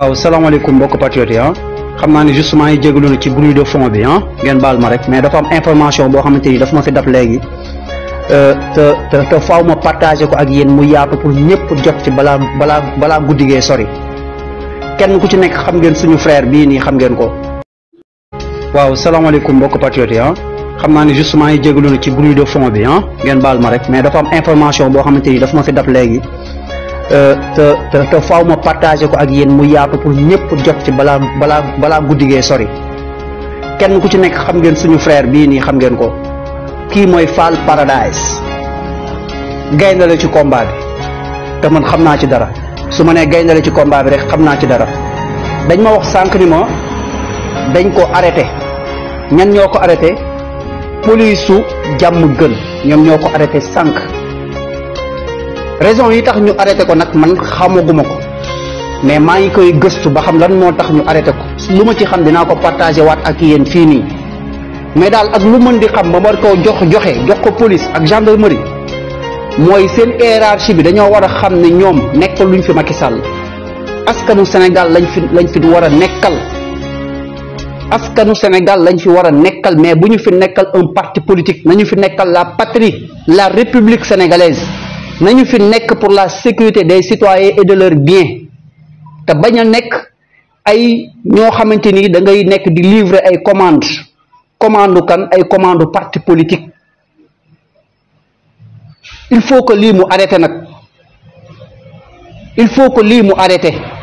waaw salaamaaleykum mbokk patriote ah xam naa ni justement yi jégalu na ci bruit de fond bi ah ngeen baal ma rek mais dafa am information boo xamante ni dafa ma fi daf léegi euh, ma partagé ko ak yéen mu yaatu pour ñëpp jot ci balaa balaa balaa guddi sori kenn ku ci nekk xam ngeen suñu frère bii nii xam ngeen ko. waaw salaamaaleykum mbokk patriote ah xam naa ni justement yi jégalu na ci bruit de fond bi ah ngeen baal ma rek mais dafa am information boo xamante ni dafa ma fi daf léegi. te te te faaw ma partagé ko ak yéen mu yaatu pour ñëpp jot ci balaa balaa balaa guddi gee sori kenn ku ci nekk xam ngeen suñu frère bii nii xam ngeen ko kii mooy Fall Paradise gaynde la ci combat bi te man xam naa ci dara su ma nee gaynde la ci combat bi rek xam naa ci dara dañ ma wax sànq ni ma dañ ko arrêté ñan ñoo ko arrêté polisu jàmm gën ñoom ñoo ko arrêté sànq. raison yi tax ñu arrêté ko nag man xamaguma ko mais maa ngi koy gëstu ba xam lan moo tax ñu arrêté ko lu ma ci xam dinaa ko partagé waat ak yéen fii nii mais daal ak lu mën di xam ba war koo jox joxe jox ko police ak gendarmerie mooy seen hiérarchie bi dañoo war a xam ne ñoom nekkal luñ fi Macky Sall askanu Sénégal lañ fi lañ fi war a nekkal askanu Sénégal lañ fi war a nekkal mais bu ñu fi nekkal un parti politique nañu fi nekkal la patrie la république sénégalaise nañu fi nekk pour la sécurité des citoyens et de leurs biens te bañ a nekk ay ñoo xamante ni da ngay nekk di livrer ay commande commande kan ay commande partie politique il faut que lii mu arrêté nag il faut que lii mu arrêté